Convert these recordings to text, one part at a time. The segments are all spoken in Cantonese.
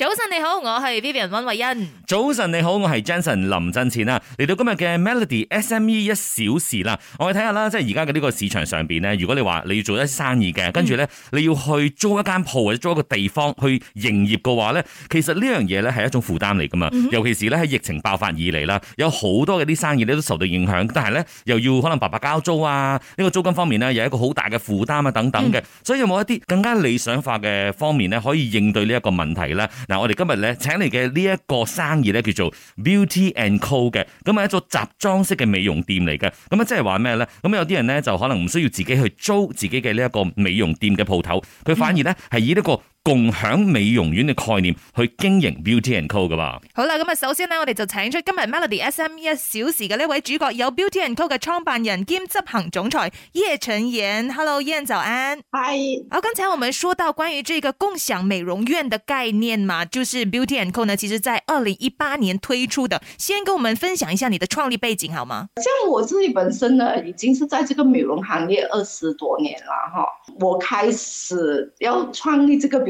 早晨你好，我係 Vivian 溫慧欣。早晨你好，我係 Jensen 林振前啊！嚟到今日嘅 Melody SME 一小時啦，我哋睇下啦，即係而家嘅呢個市場上邊呢，如果你話你要做一啲生意嘅，跟住呢你要去租一間鋪或者租一個地方去營業嘅話呢，其實這樣呢樣嘢呢係一種負擔嚟噶嘛，尤其是呢，喺疫情爆發以嚟啦，有好多嘅啲生意呢都受到影響，但係呢，又要可能白白交租啊，呢、這個租金方面呢，有一個好大嘅負擔啊等等嘅，所以有冇一啲更加理想化嘅方面呢，可以應對呢一個問題呢？嗱，我哋今日咧請嚟嘅呢一個生意咧，叫做 Beauty and Co 嘅，咁係一座集裝式嘅美容店嚟嘅。咁啊，即係話咩咧？咁有啲人咧就可能唔需要自己去租自己嘅呢一個美容店嘅鋪頭，佢反而咧係以呢、這個。共享美容院嘅概念去經營 Beauty and Co 嘅吧。好啦，咁啊，首先呢，我哋就請出今日 Melody SME 一小時嘅呢位主角，有 Beauty and Co 嘅創辦人兼執行總裁葉晨妍。Hello Yan，早安。係。Hi. 好，剛才我們說到關於這個共享美容院的概念嘛，就是 Beauty and Co 呢，其實在二零一八年推出嘅。先跟我們分享一下你的創立背景好嗎？像我自己本身呢，已經是在這個美容行業二十多年啦，哈。我開始要創立這個。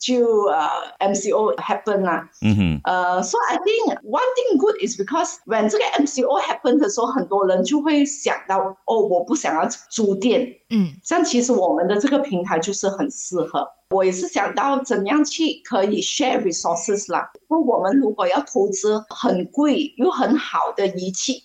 就誒、uh, MCO happen 啦，so I think one thing good is，because when 這個 MCO happen 的時候，很多人就會想到，哦、oh，我不想要租店，嗯、mm，hmm. 像其實我們的這個平台就是很適合，我也是想到怎樣去可以 share resources 啦。那我們如果要投資很貴又很好的儀器。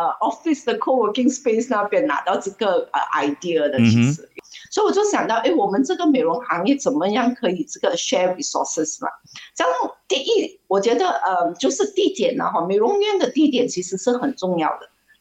Uh, office 的 co-working space 那邊拿到這個啊、uh, idea 的，其實，所以、mm hmm. so、我就想到，誒，我們這個美容行業，怎麼樣可以這個 share resources 嘛？這樣第一，我覺得，呃，就是地點呢，哈，美容院的地點其實是很重要的。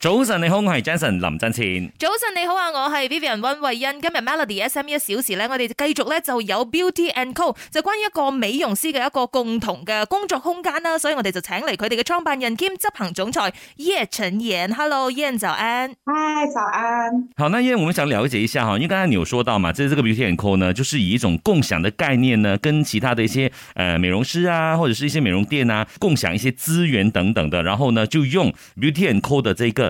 早晨你好，我係 Jason 林振前。早晨你好啊，我係 Vivian 溫慧欣。今日 Melody SME 一小時咧，我哋繼續咧就有 Beauty and Co 就關於一個美容師嘅一個共同嘅工作空間啦，啊，所以我哋就請嚟佢哋嘅創辦人兼執行總裁 Ian Chen Hello Ian 早安，嗨，早安。Hi, 早安。好，那 Ian，我們想了解一下哈，因為剛才你有說到嘛，即係這個 Beauty and Co 呢，就是以一種共享的概念呢，跟其他的一些誒、呃、美容師啊，或者是一些美容店啊，共享一些資源等等的，然後呢就用 Beauty and Co 的這個。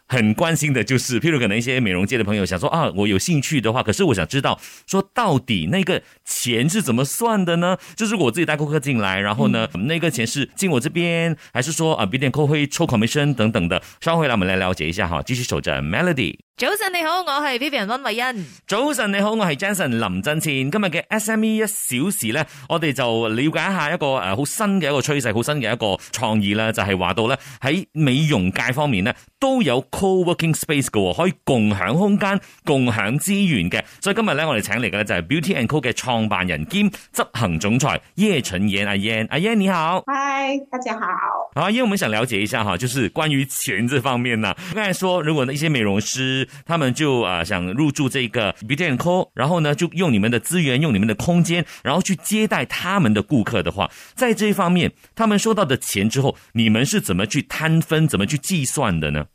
很關心的，就是譬如可能一些美容界的朋友想說啊，我有興趣的話，可是我想知道，說到底那個錢是怎麼算的呢？就是我自己帶顧客進來，然後呢，嗯、那個錢是進我這邊，還是說啊俾點扣費、口會抽 commission 等等的？稍後回來我們來了解一下哈、啊，繼續守着 Melody。早晨你好，我係 Vivian 溫慧恩。早晨你好，我係 Jason 林振前。今日嘅 SME 一小時呢，我哋就了解一下一個誒好、啊、新嘅一個趨勢，好新嘅一個創意啦，就係、是、話到咧喺美容界方面呢，都有 Co-working space 嘅可以共享空間、共享資源嘅，所以今日呢，我哋請嚟呢，就係 Beauty and Co 嘅創辦人兼執行總裁葉成妍阿嫣。阿嫣，你好，嗨，大家好，好啊，因為，我們想了解一下哈，就是關於錢這方面啦、啊。剛才説如果呢一些美容師，他們就啊、呃、想入住這個 Beauty and Co，然後呢就用你們的資源、用你們的空間，然後去接待他們的顧客的話，在這一方面，他們收到的錢之後，你們是怎麼去攤分、怎麼去計算的呢？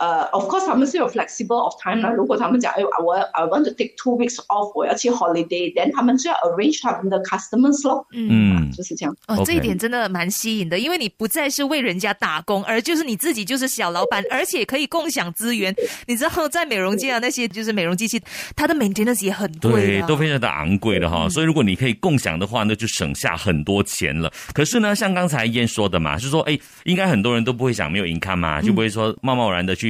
呃 of course，他們是有 flexible of time 啦。如果他們講，誒，我，I want to take two weeks off，我要去 holiday，then 他們需要 arrange 他們的 customer、right? slot。嗯，就是這樣。哦，這一點真的蠻吸引的，因為你不再是為人家打工，而就是你自己就是小老闆， 而且可以共享資源。你知道，在美容界啊， 那些就是美容機器，它的 maintenance 也很貴、啊、對，都非常的昂貴的哈。嗯、所以如果你可以共享的話，那就省下很多錢了。可是呢，像剛才燕說的嘛，就是、說哎應該很多人都不會想沒有 income 嘛，就不會說貿貿、嗯、然的去。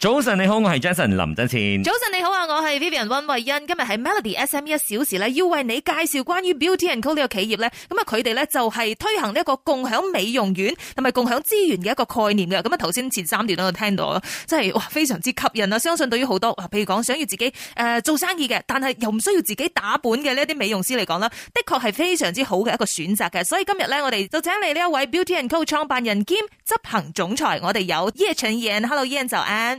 早晨你好，我係 Jason 林德倩。早晨你好啊，我係 Vivian 温慧欣。今日喺 Melody S M 一、e、小時呢，要為你介紹關於 Beauty and Co 呢個企業咧。咁啊，佢哋咧就係推行呢一個共享美容院同埋共享資源嘅一個概念嘅。咁啊，頭先前三段都有聽到咯，真係哇非常之吸引啊！相信對於好多譬如講想要自己誒、呃、做生意嘅，但係又唔需要自己打本嘅呢啲美容師嚟講啦，的確係非常之好嘅一個選擇嘅。所以今日咧，我哋就請嚟呢一位 Beauty and Co 創辦人兼執行總裁，我哋有 y 俊彥，Hello Ian 就 An。